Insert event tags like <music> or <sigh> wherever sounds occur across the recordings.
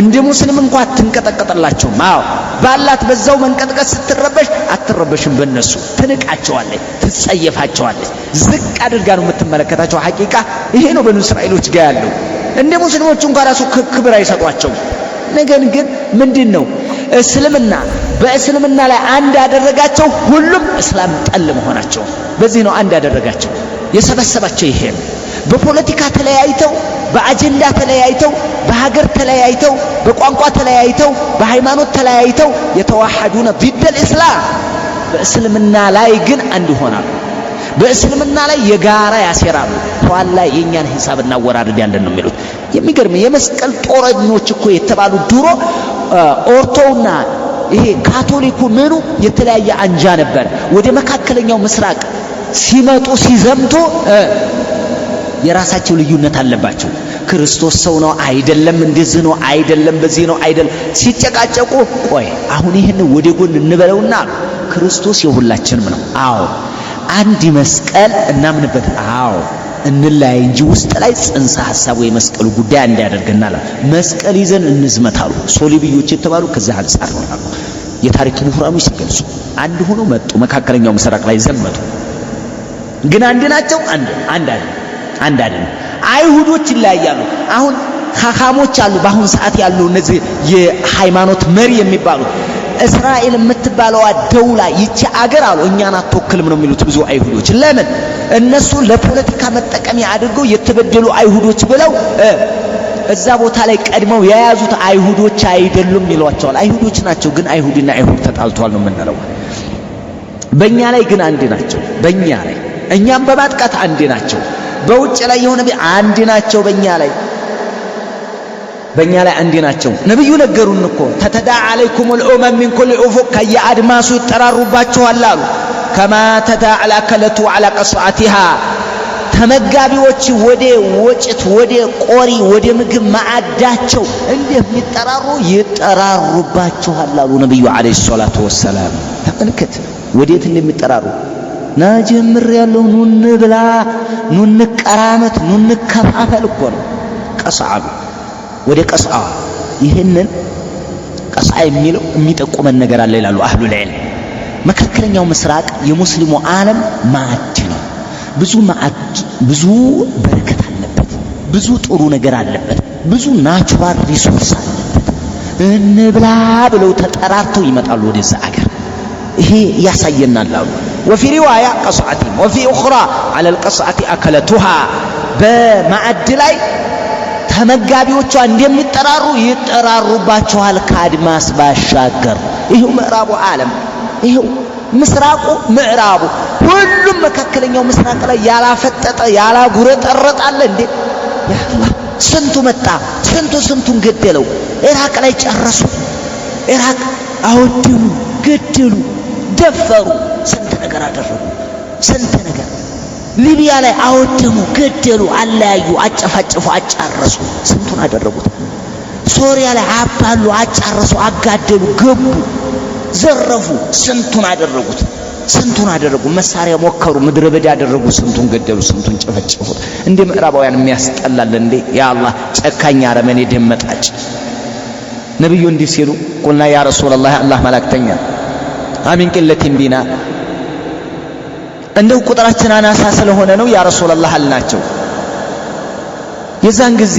እንደ ሙስሊም እንኳ አትንቀጠቀጥላቸውም። አዎ ባላት በዛው መንቀጥቀጥ ስትረበሽ አትረበሽም። በእነሱ ትንቃቸዋለች፣ ትጸየፋቸዋለች፣ ዝቅ አድርጋ ነው የምትመለከታቸው። ሐቂቃ ይሄ ነው በኑ እስራኤሎች ጋር ያለው። እንደ ሙስሊሞቹ እንኳ ራሱ ክብር አይሰጧቸው። ነገር ግን ምንድን ነው እስልምና በእስልምና ላይ አንድ ያደረጋቸው ሁሉም እስላም ጠል መሆናቸው። በዚህ ነው አንድ ያደረጋቸው የሰበሰባቸው ይሄ ነው። በፖለቲካ ተለያይተው በአጀንዳ ተለያይተው፣ በሀገር ተለያይተው፣ በቋንቋ ተለያይተው፣ በሃይማኖት ተለያይተው የተዋሐዱነ ቢደል ኢስላም በእስልምና ላይ ግን አንድ ይሆናሉ። በእስልምና ላይ የጋራ ያሴራሉ። ኋላ የእኛን ሂሳብ ያለን ነው የሚሉት። የሚገርም የመስቀል ጦረኞች እኮ የተባሉ ድሮ ኦርቶውና ይሄ ካቶሊኩ ምኑ የተለያየ አንጃ ነበር። ወደ መካከለኛው ምስራቅ ሲመጡ ሲዘምቱ የራሳቸው ልዩነት አለባቸው። ክርስቶስ ሰው ነው አይደለም፣ እንደዚህ ነው አይደለም፣ በዚህ ነው አይደለም። ሲጨቃጨቁ ቆይ አሁን ይህን ወደ ጎን እንበለውና ክርስቶስ የሁላችንም ነው። አዎ አንድ መስቀል እናምንበት። አዎ እንላይ እንጂ ውስጥ ላይ ጽንሰ ሐሳቡ የመስቀሉ ጉዳይ እንዳያደርገናል። መስቀል ይዘን እንዝመታሉ። ሶሊቢዮች የተባሉ ከዚህ አንጻር ነው አሉ የታሪክ ምሁራኖች ሲገልጹ። አንድ ሆኖ መጡ፣ መካከለኛው ምስራቅ ላይ ዘመቱ። ግን አንድ ናቸው። አንድ አንድ አንድ አይደለም። አይሁዶች ይለያያሉ። አሁን ሀካሞች አሉ። በአሁን ሰዓት ያሉ እነዚህ የሃይማኖት መሪ የሚባሉት እስራኤል የምትባለዋ ደውላ ይቺ አገር አሉ እኛን አትወክልም ነው የሚሉት ብዙ አይሁዶች። ለምን እነሱ ለፖለቲካ መጠቀሚያ አድርገው የተበደሉ አይሁዶች ብለው እዛ ቦታ ላይ ቀድመው የያዙት አይሁዶች አይደሉም ይሏቸዋል። አይሁዶች ናቸው፣ ግን አይሁድና አይሁድ ተጣልቷል ነው የምንለው። በእኛ ላይ ግን አንድ ናቸው። በእኛ ላይ እኛም በማጥቃት አንድ ናቸው። በውጭ ላይ የሆነ አንድ ናቸው በእኛ ላይ በእኛ ላይ አንድ ናቸው። ነብዩ ነገሩን እኮ ተተዳ አለይኩም ልኡመም ሚን ኩል ኡፉቅ ከየአድማሱ ይጠራሩባችኋል አሉ። ከማ ተዳ አልአከለቱ አላ ቀስዓቲሃ ተመጋቢዎች ወደ ወጭት ወደ ቆሪ ወደ ምግብ ማዕዳቸው እንደሚጠራሩ ይጠራሩባችኋል አሉ ነቢዩ ዓለይሂ ሰላቱ ወሰላም። ተመልከት ወዴት እንደሚጠራሩ ናጀምር ያለው ኑ ብላ ኑ እንቀራመት፣ ኑ እንከፋፈል እኮ ነው። ቀስዓ ወደ ቀስዓ ይህንን ቀስዓ የሚለው የሚጠቁመን ነገር አለ ይላሉ አህሉ ዒልም። መካከለኛው ምስራቅ የሙስሊሙ ዓለም ማዕድ ነው። ብዙ ማዕድ፣ ብዙ በረከት አለበት፣ ብዙ ጥሩ ነገር አለበት፣ ብዙ ናቹራል ሪሶርስ አለበት። እንብላ ብለው ተጠራርተው ይመጣሉ ወደዛ አገር። ይሄ ያሳየናል አሉ ወፊ ሪዋያ ቀስዓቲ ወፊ ኡኽራ አለል ቀስዓቲ አከለቱሃ በማዕድ ላይ ተመጋቢዎቿ እንደሚጠራሩ ይጠራሩባቸዋል ከአድማስ ባሻገር። ይኸው ምዕራቡ ዓለም ይኸው ምስራቁ ምዕራቡ ሁሉም መካከለኛው ምስራቅ ላይ ያላፈጠጠ ያላጉረጠረጠ እንዴ? ያአላህ ስንቱ መጣ፣ ስንቱ ስንቱን ገደለው። ኢራቅ ላይ ጨረሱ። ኢራቅ አወደሙ፣ ገደሉ፣ ደፈሩ። ነገር አደረጉ። ስንት ነገር ሊቢያ ላይ አወደሙ፣ ገደሉ፣ አለያዩ፣ አጨፋጨፉ፣ አጫረሱ። ስንቱን አደረጉት። ሶሪያ ላይ አባሉ፣ አጫረሱ፣ አጋደሉ፣ ገቡ፣ ዘረፉ። ስንቱን አደረጉት። ስንቱን አደረጉ። መሳሪያ ሞከሩ፣ ምድረ በዳ አደረጉ። ስንቱን ገደሉ፣ ስንቱን ጨፈጨፉት። እንደ ምዕራባውያን የሚያስጠላል እንዴ! የአላህ ጨካኝ አረመኔ ደም መጣጭ። እንዲህ ሲሉ ቁልና ያ ረሱላላህ አላህ መላክተኛ አሚን ቅለቲን ቢና እንደው ቁጥራችን አናሳ ስለሆነ ነው ያ ረሱላላህ አልናቸው። የዛን ጊዜ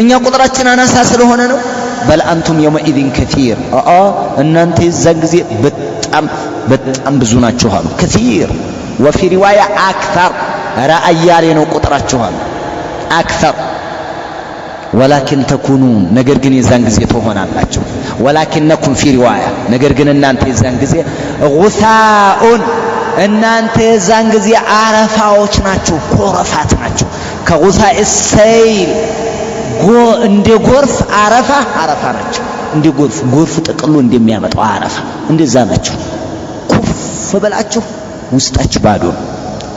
እኛ ቁጥራችን አናሳ ስለሆነ ነው በል አንቱም የውመኢዝን ከቲር አአ እናንተ የዛን ጊዜ በጣም በጣም ብዙ ናችሁ አሉ። ከቲር ወፊ ሪዋያ አክተር ራ አያሌ ነው ቁጥራችሁ አሉ። አክተር ወላኪን ተኩኑን ነገር ግን የዛን ጊዜ ትሆናላችሁ። ወላኪነኩም ፊ ሪዋያ ነገር ግን እናንተ የዛን ጊዜ ጉሳኡን እናንተ የዛን ጊዜ አረፋዎች ናችሁ፣ ኮረፋት ናችሁ። ከጉሳኤ ሰይል እንደ ጎርፍ አረፋ አረፋ ናቸው። እንደ ጎርፍ ጎርፍ ጥቅሉ እንደሚያመጣው አረፋ እንደዛ ናቸው። ኩፍ ብላችሁ ውስጣችሁ ባዶ ነው፣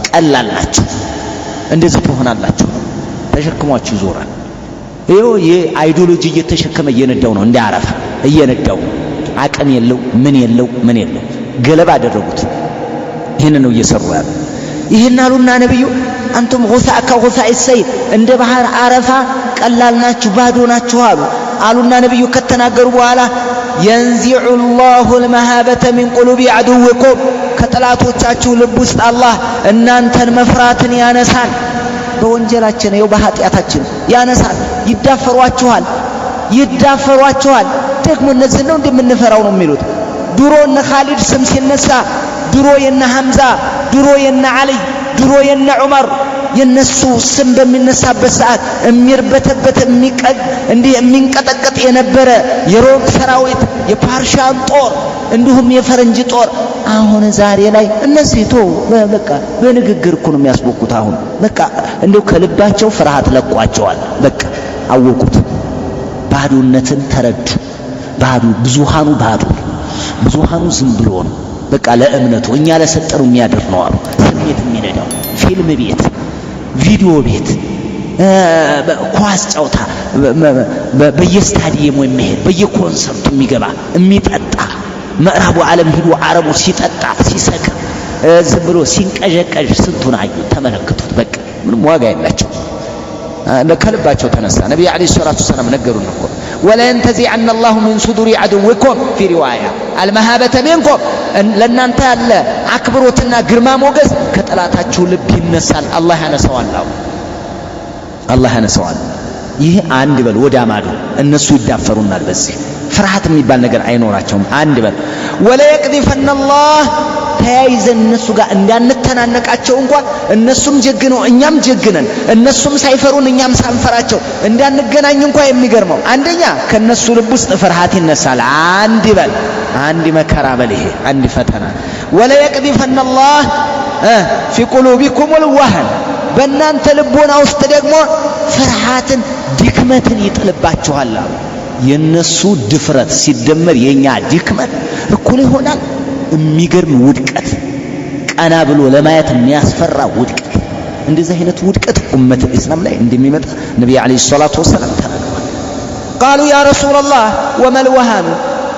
ቀላል ናችሁ። እንደዚህ ትሆናላችሁ። ተሸክሟችሁ ይዞራል። ይኸው የአይዲዮሎጂ እየተሸከመ እየነዳው ነው፣ እንደ አረፋ እየነዳው አቅም የለው ምን የለው ምን የለው ገለባ አደረጉት። ይህን ነው እየሰሩ ያሉ። ይህን አሉና ነቢዩ አንቱም ጉሳ ከጉሳ ሰይል እንደ ባህር አረፋ ቀላል ናችሁ፣ ባዶ ናችሁ አሉ አሉና ነቢዩ ከተናገሩ በኋላ የንዚዑ ላሁ ልመሃበተ ሚን ቁሉቢ አድውቁም ከጠላቶቻችሁ ልብ ውስጥ አላህ እናንተን መፍራትን ያነሳል። በወንጀላችን ው በኃጢአታችን ያነሳል። ይዳፈሯችኋል ይዳፈሯችኋል። ደግሞ እነዚህ ነው እንደምንፈራው ነው የሚሉት። ድሮ እነ ኻሊድ ስም ሲነሳ ድሮ የነ ሐምዛ ድሮ የነ ዓልይ ድሮ የነ ዑመር የነሱ ስም በሚነሳበት ሰዓት የሚርበተበት እንዲህ የሚንቀጠቀጥ የነበረ የሮም ሰራዊት፣ የፓርሻን ጦር እንዲሁም የፈረንጅ ጦር አሁን ዛሬ ላይ እነዚህ ቶ በቃ በንግግር እኮ ነው የሚያስቦኩት። አሁን በቃ እንደው ከልባቸው ፍርሃት ለቋቸዋል። በቃ አወቁት፣ ባዶነትን ተረዱ። ባዶ ብዙሃኑ ባዶ ብዙሃኑ ዝም ብሎ ነው። በቃ ለእምነቱ እኛ ለሰጠኑ የሚያድር ነው አሉ። ስሜት የሚነዳው ፊልም ቤት፣ ቪዲዮ ቤት፣ ኳስ ጨዋታ፣ በየስታዲየሙ የሚሄድ በየኮንሰርቱ የሚገባ የሚጠጣ ምዕራቡ ዓለም ሂዶ አረቡ ሲጠጣ ሲሰክር ዝም ብሎ ሲንቀዠቀዥ ስንቱን አዩ ተመለከቱት። በቃ ምንም ዋጋ የላቸው። ከልባቸው ተነሳ። ነቢ ዓለይሂ ሰላቱ ወሰላም ነገሩን እኮ ወለየንተዚዐነ አላሁ ሚን ሱዱሪ ዐድዊኩም ፊ ሪዋያ አልመሃበተ ሚንኩም፣ ለእናንተ ያለ አክብሮትና ግርማ ሞገስ ከጠላታችሁ ልብ ይነሳል፣ አላህ ያነሰዋል። አላህ ያነሰዋል። ይህ አንድ በል ወደ አማዱ እነሱ ይዳፈሩናል። በዚህ ፍርሃት የሚባል ነገር አይኖራቸውም። አንድ በል ወለየቅዚፈነ አላህ ተያይዘን እነሱ ጋር እንዳንተናነቃቸው እንኳ እነሱም ጀግነው እኛም ጀግነን እነሱም ሳይፈሩን እኛም ሳንፈራቸው እንዳንገናኝ እንኳ የሚገርመው አንደኛ ከነሱ ልብ ውስጥ ፍርሃት ይነሳል። አንድ ይበል አንድ መከራ በል ይሄ አንድ ፈተና ወለየቅዲፈን ፊ ቁሉቢኩም ልዋህን በእናንተ ልቦና ውስጥ ደግሞ ፍርሃትን ድክመትን ይጥልባችኋል የእነሱ ድፍረት ሲደመር የእኛ ድክመት እኩል ይሆናል። የሚገርም ውድቀት፣ ቀና ብሎ ለማየት የሚያስፈራ ውድቀት። እንደዚህ አይነት ውድቀት ኡመት እስላም ላይ እንደሚመጣ ነቢ ዓለይሂ ሰላቱ ወሰላም ተናግረዋል። ቃሉ ያ ረሱላላህ ወመልወሃኑ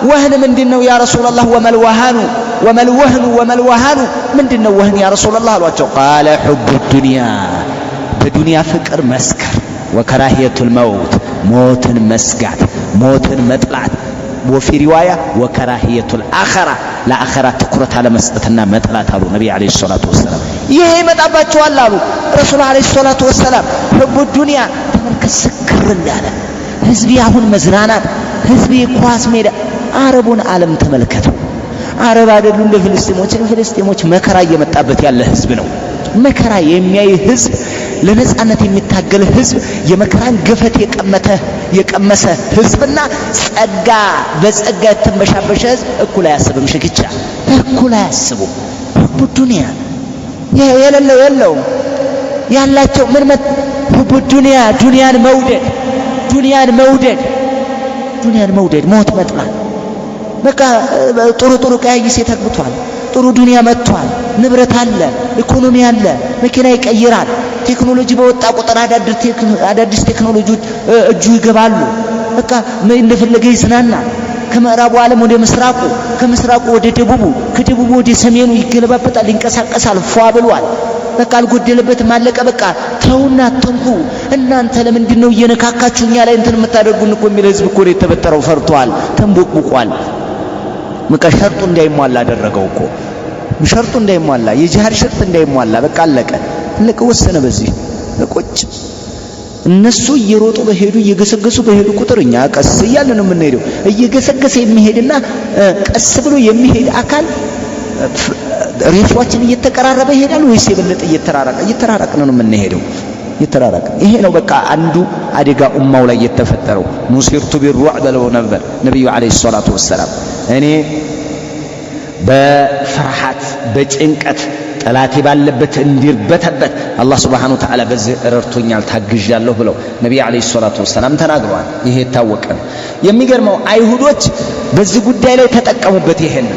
ወህን ምንድን ነው? ያ ረሱላላህ ወመልወሃኑ ወመልወህኑ ወመልወሃኑ ምንድን ነው ወህን ያ ረሱላላህ አሏቸው። ቃለ ሑቡ ዱንያ በዱንያ ፍቅር መስከር፣ ወከራሂየቱል መውት ሞትን መስጋት፣ ሞትን መጥላት ወፊ ሪዋያ ወከራህየቱል አኸራ ለአኸራ ትኩረት አለመስጠትና መጥላት አሉ ነቢ ዓለይሂ ሰላቱ ወሰላም። ይሄ ይመጣባቸዋል አሉ ረሱል ዓለይሂ ሰላቱ ወሰላም። ህቡ ዱንያ ተመልከት፣ ስክር እንዳለ ህዝብ፣ አሁን መዝናናት ህዝብ፣ ኳስ ሜዳ፣ አረቡን ዓለም ተመልከቱ። አረብ አይደሉ እንደ ፍልስጤሞች፣ ፍልስጤሞች መከራ እየመጣበት ያለ ህዝብ ነው። መከራ የሚያይ ህዝብ፣ ለነጻነት የሚታገል ህዝብ፣ የመከራን ገፈት የቀመተ የቀመሰ ህዝብና ጸጋ በጸጋ የተንበሻበሸ ህዝብ እኩል አያስብም። ሽግቻ እኩል አያስቡም። ሁቡ ዱንያ የሌለው የለውም ያላቸው ምን መት ሁቡ ዱንያ ዱንያን መውደድ ዱንያን መውደድ ዱንያን መውደድ ሞት መጥላት በቃ ጥሩ ጥሩ ቀያይ ሴት አግብቷል። ጥሩ ዱንያ መጥቷል። ንብረት አለ፣ ኢኮኖሚ አለ፣ መኪና ይቀይራል። ቴክኖሎጂ በወጣ ቁጥር አዳዲስ ቴክኖሎጂዎች እጁ ይገባሉ። በቃ እንደፈለገ ይዝናና። ከምዕራቡ ዓለም ወደ ምስራቁ፣ ከምስራቁ ወደ ደቡቡ፣ ከደቡቡ ወደ ሰሜኑ ይገለባበጣል፣ ይንቀሳቀሳል፣ ፏ ብሏል። በቃ አልጎደለበትም፣ አለቀ። በቃ ተውና አትንኩ። እናንተ ለምንድን ነው እየነካካችሁ እኛ ላይ እንትን የምታደርጉን? እኮ የሚል ህዝብ እኮ ነው ፈርቷል፣ ተንቦቅቡቋል። በቃ ሸርጡ እንዳይሟላ አደረገው እኮ ሸርጡ እንዳይሟላ የጂሃድ ሸርጥ እንዳይሟላ በቃ አለቀ። አለቀ። ወሰነ። በዚህ ቁጭ እነሱ እየሮጡ በሄዱ እየገሰገሱ በሄዱ ቁጥር እኛ ቀስ እያልን ነው የምንሄደው። እየገሰገሰ የሚሄድና ቀስ ብሎ የሚሄድ አካል ሬሷችን እየተቀራረበ ይሄዳል ወይስ የበለጠ እየተራራቀ? እየተራራቀ ነው የምንሄደው። እየተራራቀ ይሄ ነው በቃ አንዱ አደጋ ኡማው ላይ የተፈጠረው። ሙሲርቱ ቢሩዕ ብለው ነበር ነብዩ አለይሂ ሰላቱ ወሰላም። እኔ በፍርሃት በጭንቀት ጠላቴ ባለበት እንዲርበተበት አላህ ስብሓነሁ ወተዓላ በዚህ ረድቶኛል ታግዣለሁ ብለው ነቢይ ዓለይሂ ሰላቱ ወሰላም ተናግረዋል። ይሄ የታወቀ ነው። የሚገርመው አይሁዶች በዚህ ጉዳይ ላይ ተጠቀሙበት። ይሄን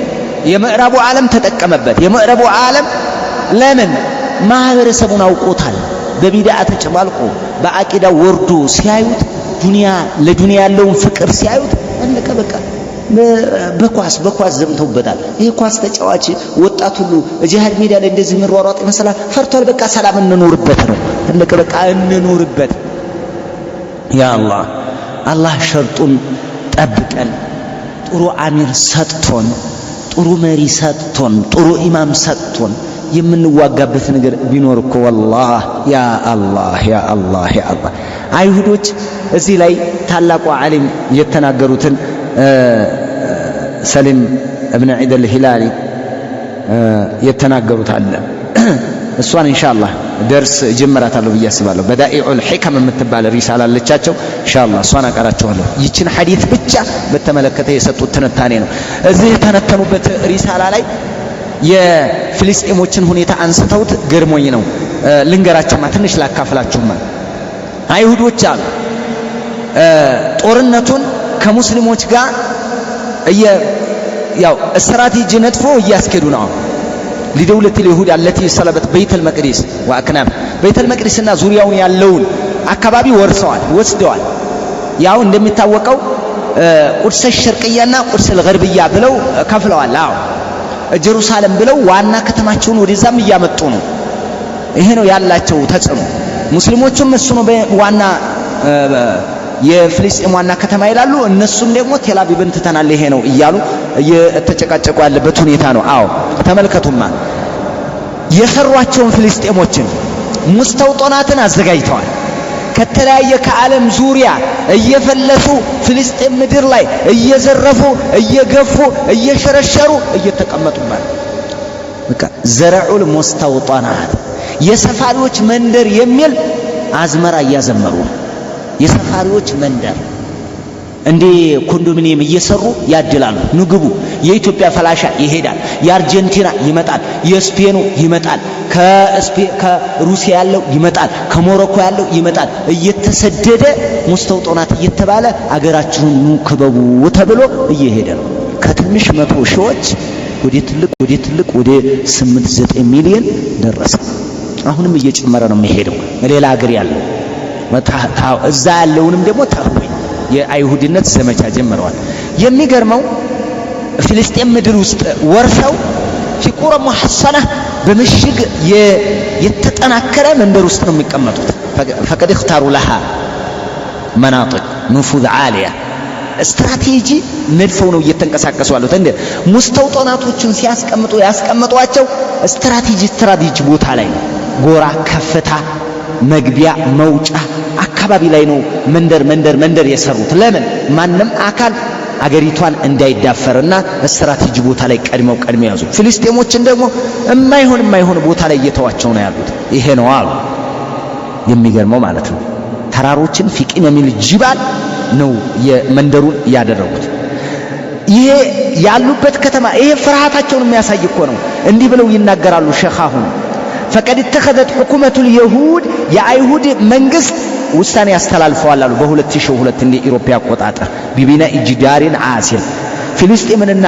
የምዕራቡ ዓለም ተጠቀመበት። የምዕራቡ ዓለም ለምን ማህበረሰቡን አውቆታል። በቢድዓ ተጨማልቆ በአቂዳ ወርዶ ሲያዩት ዱንያ ለዱንያ ያለውን ፍቅር ሲያዩት አለቀ በቃ። በኳስ በኳስ ዘምተውበታል። ይሄ ኳስ ተጫዋች ወጣት ሁሉ ጂሃድ ሜዳ ላይ እንደዚህ መሯሯጥ ይመስላል። ፈርቷል። በቃ ሰላም እንኖርበት ነው አለቀ። በቃ እንኖርበት። ያ አላህ አላህ ሸርጡን ጠብቀን ጥሩ አሚር ሰጥቶን ጥሩ መሪ ሰጥቶን ጥሩ ኢማም ሰጥቶን የምንዋጋበት ነገር ቢኖር እኮ ወላህ ያ አላህ ያ አላህ ያ አላህ አይሁዶች እዚህ ላይ ታላቁ ዓሊም የተናገሩትን ሰሊም እብነ ዒድ አልሂላሊ የተናገሩት አለ። <clears throat> እሷን ኢንሻአላህ ደርስ ጀምራታለሁ ብዬ አስባለሁ። በዳኢዑል ሒከም የምትባል ሪሳላ አለቻቸው። እንሻላ እሷን አቀራችኋለሁ። ይችን ሐዲት ብቻ በተመለከተ የሰጡት ትንታኔ ነው። እዚህ የተነተኑበት ሪሳላ ላይ የፍልስጤሞችን ሁኔታ አንስተውት ገርሞኝ ነው። ልንገራችሁማ፣ ትንሽ ላካፍላችሁማ። አይሁዶች አሉ ጦርነቱን ከሙስሊሞች ጋር እየ ያው ስትራቴጂ ነጥፎ እያስኬዱ ነው። ሊደውለት ለይሁድ አለቲ ሰለበት ቤተል መቅዲስ ወአክናም ቤተል መቅዲስና ዙሪያውን ያለውን አካባቢ ወርሰዋል፣ ወስደዋል። ያው እንደሚታወቀው ቁድሰ ሸርቅያና ቁድሰ ልገርብያ ብለው ከፍለዋል። አዎ ጀሩሳሌም ብለው ዋና ከተማቸውን ወደዛም እያመጡ ነው። ይሄ ነው ያላቸው ተጽዕኖ። ሙስሊሞቹም እሱ ነው ዋና የፍልስጤም ዋና ከተማ ይላሉ። እነሱም ደግሞ ቴላቪቭን ትተናል ይሄ ነው እያሉ እየተጨቃጨቁ ያለበት ሁኔታ ነው። አዎ ተመልከቱማ፣ የሰሯቸውን ፍልስጤሞችን ሙስተውጦናትን አዘጋጅተዋል። ከተለያየ ከዓለም ዙሪያ እየፈለሱ ፍልስጤም ምድር ላይ እየዘረፉ እየገፉ እየሸረሸሩ እየተቀመጡባት በቃ ዘረዑል ሙስተውጦናት የሰፋሪዎች መንደር የሚል አዝመራ እያዘመሩ ነው። የሰፋሪዎች መንደር እንዴ ኮንዶሚኒየም እየሰሩ ያድላሉ። ንግቡ የኢትዮጵያ ፈላሻ ይሄዳል፣ የአርጀንቲና ይመጣል፣ የስፔኑ ይመጣል፣ ከሩሲያ ያለው ይመጣል፣ ከሞሮኮ ያለው ይመጣል። እየተሰደደ ሙስተውጦናት እየተባለ አገራችሁን ኑ ክበቡ ተብሎ እየሄደ ነው። ከትንሽ መቶ ሺዎች ወደ ትልቅ ወደ ትልቅ ወደ 8 9 ሚሊዮን ደረሰ። አሁንም እየጨመረ ነው የሚሄደው ሌላ ሀገር ያለው እዛ ያለውንም ደግሞ ተውኝ የአይሁድነት ዘመቻ ጀምረዋል። የሚገርመው ፊልስጤም ምድር ውስጥ ወርሰው ፊቁረ ሙሐሰና በምሽግ የተጠናከረ መንደር ውስጥ ነው የሚቀመጡት። ፈቀድ እክታሩ ለሃ መናጥቅ ኑፉዝ ዓሊያ ስትራቴጂ ነድፈው ነው እየተንቀሳቀሱ ያሉት። እንደ ሙስተውጠናቶችን ሲያስቀምጡ ያስቀምጧቸው ስትራቴጂ ስትራቴጂ ቦታ ላይ ጎራ፣ ከፍታ፣ መግቢያ፣ መውጫ አካባቢ ላይ ነው መንደር መንደር መንደር የሰሩት። ለምን ማንም አካል አገሪቷን እንዳይዳፈርና ስትራቴጂ ቦታ ላይ ቀድመው ቀድመው ያዙ። ፊልስጤሞችን ደግሞ እማይሆን የማይሆን ቦታ ላይ እየተዋቸው ነው ያሉት። ይሄ ነው አሉ የሚገርመው ማለት ነው። ተራሮችን ፊቂም የሚል ጅባል ነው የመንደሩን ያደረጉት። ይሄ ያሉበት ከተማ ይሄ ፍርሃታቸውን የሚያሳይ እኮ ነው። እንዲህ ብለው ይናገራሉ ሸኻሁን ፈቀድ ተኸዘት ሕኩመቱል የሁድ የአይሁድ መንግስት ውሳኔ ያስተላልፈዋል አሉ። በ2002 እንደ ኢሮፓ አቆጣጠር ቢቢና ኢጅዳሪን አሲል ፊልስጤምንና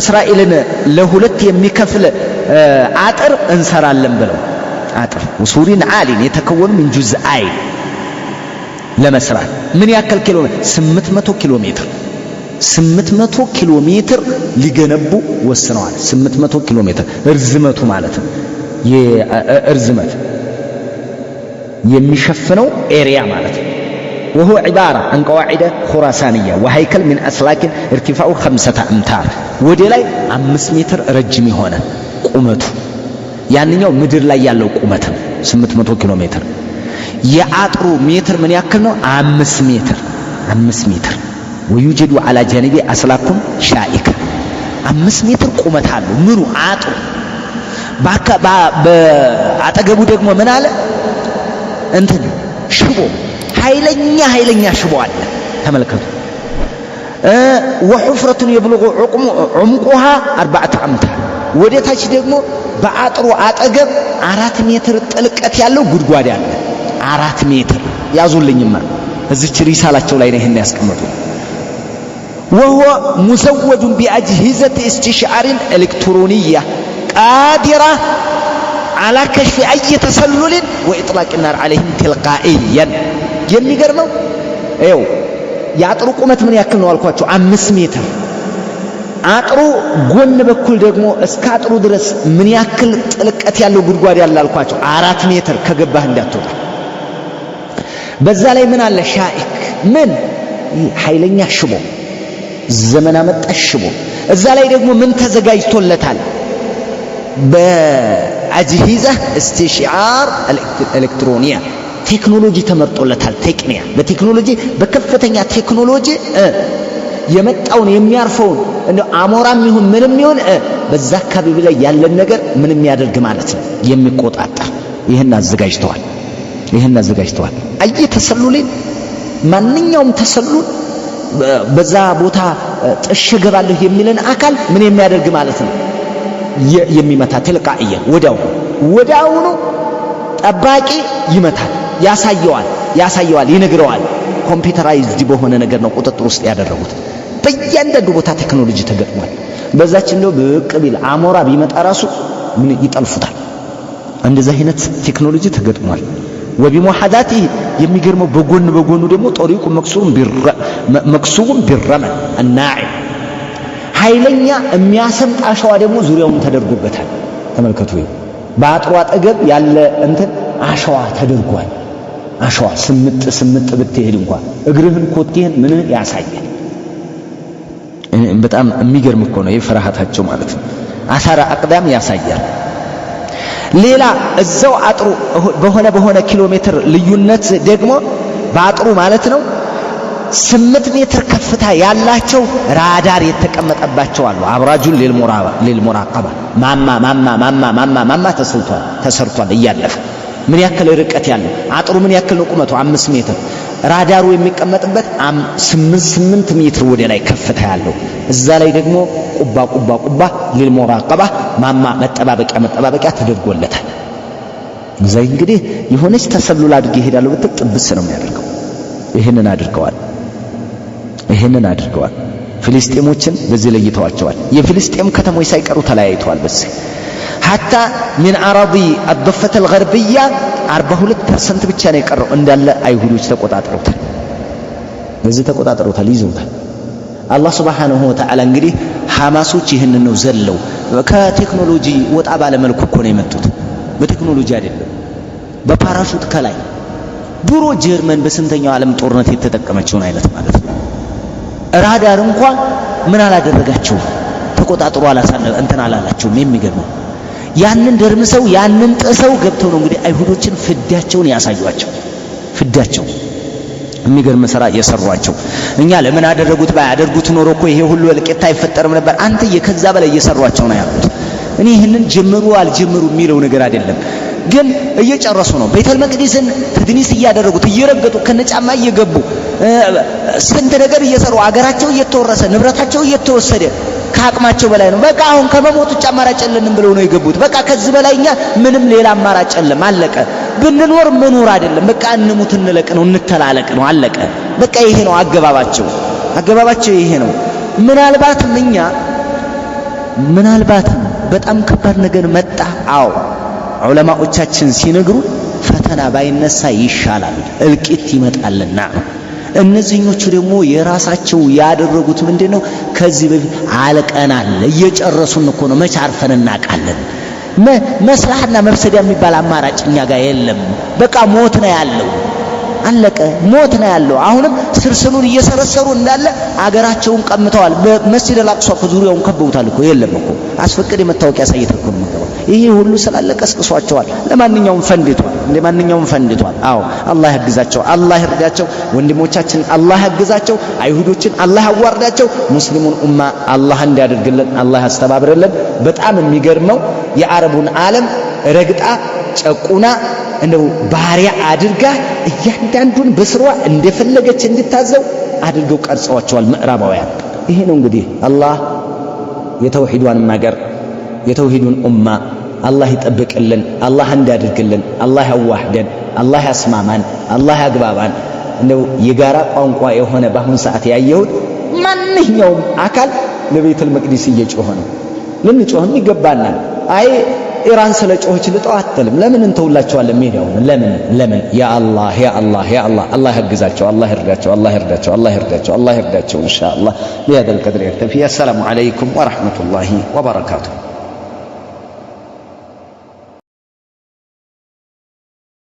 እስራኤልን ለሁለት የሚከፍል አጥር እንሰራለን ብለው አጥር ሱሪን አሊን የተከወኑ ምን ጁዝ ለመስራት ምን ያክል ኪሎ ሜትር? 800 ኪሎ ሜትር 800 ኪሎ ሜትር ሊገነቡ ወስነዋል። 800 ኪሎ ሜትር እርዝመቱ ማለት ነው። የእርዝመት የሚሸፍነው ኤሪያ ማለት ነው። ወሁ ዒባራ አን ቀዋዒደ ኹራሳንያ ወሃይከል ሚን አስላኪን እርቲፋኡ ኸምሰተ አምታር ወደ ላይ አምስት ሜትር ረጅም የሆነ ቁመቱ ያንኛው ምድር ላይ ያለው ቁመት 800 ኪሎ ሜትር የአጥሩ ሜትር ምን ያክል ነው? አምስት ሜትር አምስት ሜትር ወዩጀዱ ዓላ ጃኒቢ አስላኩም ሻኢከ አምስት ሜትር ቁመት አለው ምኑ አጥሩ። በአጠገቡ ደግሞ ምን አለ እንትን ሽቦ ኃይለኛ ኃይለኛ ሽቦ አለ። ተመልከቱ። ወሑፍረቱን የብልغ ዑምቁሃ አርባዕተ አምታር ወደታች ደግሞ በአጥሩ አጠገብ አራት ሜትር ጥልቀት ያለው ጉድጓድ አለ። አራት ሜትር ያዙልኝማ፣ እዚች ሪሳላቸው ላይ ይህን ያስቀመጡ። ወሁወ ሙዘወጁን ቢአጅሂዘት እስትሽዓሪን ኤሌክትሮንያ ቃዲራ አላ ከሽፊ አይ ተሰሉልን ወኢጥላቅ ናር አለይህም ቴልቃኢየን። የሚገርመው ይኸው የአጥሩ ቁመት ምን ያክል ነው አልኳቸው? አምስት ሜትር። አጥሩ ጎን በኩል ደግሞ እስከ አጥሩ ድረስ ምን ያክል ጥልቀት ያለው ጉድጓድ ያለ አልኳቸው? አራት ሜትር ከገባህ እንዳትወጣ። በዛ ላይ ምን አለ ሻኢክ፣ ምን ኃይለኛ ሽቦ፣ ዘመን አመጣሽ ሽቦ። እዛ ላይ ደግሞ ምን ተዘጋጅቶለታል? አጅሂዛ እስትሽዓር ኤሌክትሮኒያ ቴክኖሎጂ ተመርጦለታል። ቴቅኒያ በቴክኖሎጂ በከፍተኛ ቴክኖሎጂ የመጣውን የሚያርፈውን አሞራም ይሁን ምንም ይሁን በዛ አካባቢ ላይ ያለን ነገር ምን የሚያደርግ ማለት ነው የሚቆጣጠር። ይህን አዘጋጅተዋል፣ ይህን አዘጋጅተዋል። አየ ተሰሉሌን ማንኛውም ተሰሉን በዛ ቦታ ጥሽ ገባለሁ የሚልን አካል ምን የሚያደርግ ማለት ነው የሚመታ ትልቃእየ ወዲያው ወዲያውኑ ጠባቂ ይመታል፣ ያሳየዋል ያሳየዋል ይነግረዋል። ኮምፒውተራይዝድ በሆነ ነገር ነው ቁጥጥር ውስጥ ያደረጉት። በእያንዳንዱ ቦታ ቴክኖሎጂ ተገጥሟል። በዛች እንደው ብቅ ቢል አሞራ ቢመጣ ራሱ ምን ይጠልፉታል። እንደዚህ አይነት ቴክኖሎጂ ተገጥሟል። ወቢሞሐዳት የሚገርመው በጎን በጎኑ ደግሞ ጠሪቁ መክሱሩን ቢረ መክሱሩን ቢረመን አናዒም ኃይለኛ የሚያሰምጥ አሸዋ ደግሞ ዙሪያውን ተደርጎበታል። ተመልከቱ፣ በአጥሩ አጠገብ ያለ እንትን አሸዋ ተደርጓል። አሸዋ ስምጥ ስምጥ ብትሄድ እንኳ እግርህን ኮቴህን ምንህ ያሳያል። በጣም የሚገርም እኮ ነው የፍርሃታቸው ማለት ነው። አሳረ አቅዳም ያሳያል። ሌላ እዛው አጥሩ በሆነ በሆነ ኪሎ ሜትር ልዩነት ደግሞ በአጥሩ ማለት ነው ስምንት ሜትር ከፍታ ያላቸው ራዳር የተቀመጠባቸው አሉ። አብራጁን ሌልሙራቀባ ማማ ማማ ማማ ማማ ማማ ተሰርቷል ተሰርቷል እያለፈ ምን ያክል ርቀት ያለው አጥሩ ምን ያክል ነው? ቁመቱ አምስት ሜትር ራዳሩ የሚቀመጥበት ስምንት ስምንት ሜትር ወደ ላይ ከፍታ ያለው እዛ ላይ ደግሞ ቁባ ቁባ ቁባ ሊልሞራቀባ ማማ መጠባበቂያ መጠባበቂያ ተደርጎለታል። እዛ እንግዲህ የሆነች ተሰሉል አድርጌ ይሄዳለሁ ብትል ጥብስ ነው የሚያደርገው። ይህንን አድርገዋል። ይህንን አድርገዋል። ፍልስጤሞችን በዚህ ለይተዋቸዋል። የፍልስጤም ከተሞች ሳይቀሩ ተለያይተዋል። በዚህ ሐታ ሚን አራዲ አዶፈተ ልገርብያ 42 ፐርሰንት ብቻ ነው የቀረው እንዳለ አይሁዶች ተቆጣጥረውታል። በዚህ ተቆጣጥረውታል፣ ይዘውታል። አላህ ሱብሓነሁ ወተዓላ እንግዲህ ሐማሶች ይህንን ነው ዘለው ከቴክኖሎጂ ወጣ ባለመልኩ እኮ ነው የመጡት። በቴክኖሎጂ አይደለም በፓራሹት ከላይ ድሮ ጀርመን በስንተኛው ዓለም ጦርነት የተጠቀመችውን አይነት ማለት ነው። ራዳር እንኳን ምን አላደረጋችሁም፣ ተቆጣጥሮ አላሳነ እንትን አላላችሁም። የሚገርመው ያንን ደርምሰው ያንን ጥሰው ገብተው ነው እንግዲህ አይሁዶችን ፍዳቸውን ያሳዩአቸው ፍዳቸው የሚገርም ስራ የሰሯቸው። እኛ ለምን አደረጉት ባያደርጉት ኖሮ እኮ ይሄ ሁሉ እልቂት አይፈጠርም ነበር። አንተ ከዛ በላይ እየሰሯቸው ነው ያሉት። እኔ ይህንን ጀምሩ አልጀምሩ የሚለው ነገር አይደለም። ግን እየጨረሱ ነው። ቤተል መቅዲስን ትድኒስ እያደረጉት እየረገጡ ከነጫማ እየገቡ ስንት ነገር እየሰሩ አገራቸው እየተወረሰ ንብረታቸው እየተወሰደ ከአቅማቸው በላይ ነው። በቃ አሁን ከመሞት ውጭ አማራጭ የለንም ብለው ነው የገቡት። በቃ ከዚህ በላይ እኛ ምንም ሌላ አማራጭ የለም፣ አለቀ። ብንኖር መኖር አይደለም፣ በቃ እንሙት፣ እንለቅ ነው፣ እንተላለቅ ነው፣ አለቀ። በቃ ይሄ ነው አገባባቸው። አገባባቸው ይሄ ነው። ምናልባትም እኛ ምናልባትም በጣም ከባድ ነገር መጣ። አዎ ዑለማዎቻችን ሲነግሩ ፈተና ባይነሳ ይሻላል፣ እልቂት ይመጣልና። እነዚህኞቹ ደግሞ የራሳቸው ያደረጉት ምንድን ነው? ከዚህ በፊት አልቀናል፣ እየጨረሱን እኮ ነው። መቼ አርፈን እናውቃለን? መስላህና መፍሰዲያ የሚባል አማራጭ እኛ ጋር የለም። በቃ ሞት ነው ያለው። አለቀ። ሞት ነው ያለው። አሁንም ስርስሉን እየሰረሰሩ እንዳለ አገራቸውን ቀምተዋል። በመስጂድ አልአቅሷ እኮ ዙሪያውን ከበውታል እኮ የለም እኮ አስፈቅድ የመታወቂያ ሳይተኩ ይሄ ሁሉ ስላለ ቀስቅሷቸዋል። ለማንኛውም ፈንድቷል፣ ለማንኛውም ፈንድቷል። አዎ አላህ ያግዛቸው፣ አላህ ይርዳቸው። ወንድሞቻችን አላህ ያግዛቸው። አይሁዶችን አላህ ያዋርዳቸው። ሙስሊሙን ኡማ አላህ እንዲያደርግልን አላህ ያስተባብርልን። በጣም የሚገርመው የአረቡን ዓለም ረግጣ ጨቁና እንደው ባህሪያ አድርጋ እያንዳንዱን በስሯ እንደፈለገች እንድታዘው አድርገው ቀርጸዋቸዋል ምዕራባውያን። ይሄ ነው እንግዲህ አላህ የተውሂዷን ሀገር የተውሂዱን ኡማ አላህ ይጠብቅልን፣ አላህ እንዲያድርግልን፣ አላህ ያዋህደን፣ አላህ ያስማማን፣ አላህ ያግባባን። እንደው የጋራ ቋንቋ የሆነ በአሁን ሰዓት ያየሁት ማንኛውም አካል ለቤተል መቅዲስ እየጮኸ ነው። ልንጮህም ይገባናል። አይ ኢራን ስለ ጮኸች ልጠው አትልም። ለምን እንተውላቸዋለን? ሜዳውን ለምን ለምን? ያ አላህ ያ አላህ ያ አላህ አላህ ያግዛቸው፣ አላህ ይርዳቸው፣ አላህ ይርዳቸው፣ አላህ ይርዳቸው፣ አላህ ይርዳቸው። ኢንሻአላህ ቢሀዛል ቀድር የክተፊ። አሰላሙ ዓለይኩም ወረሕመቱላሂ ወበረካቱሁ።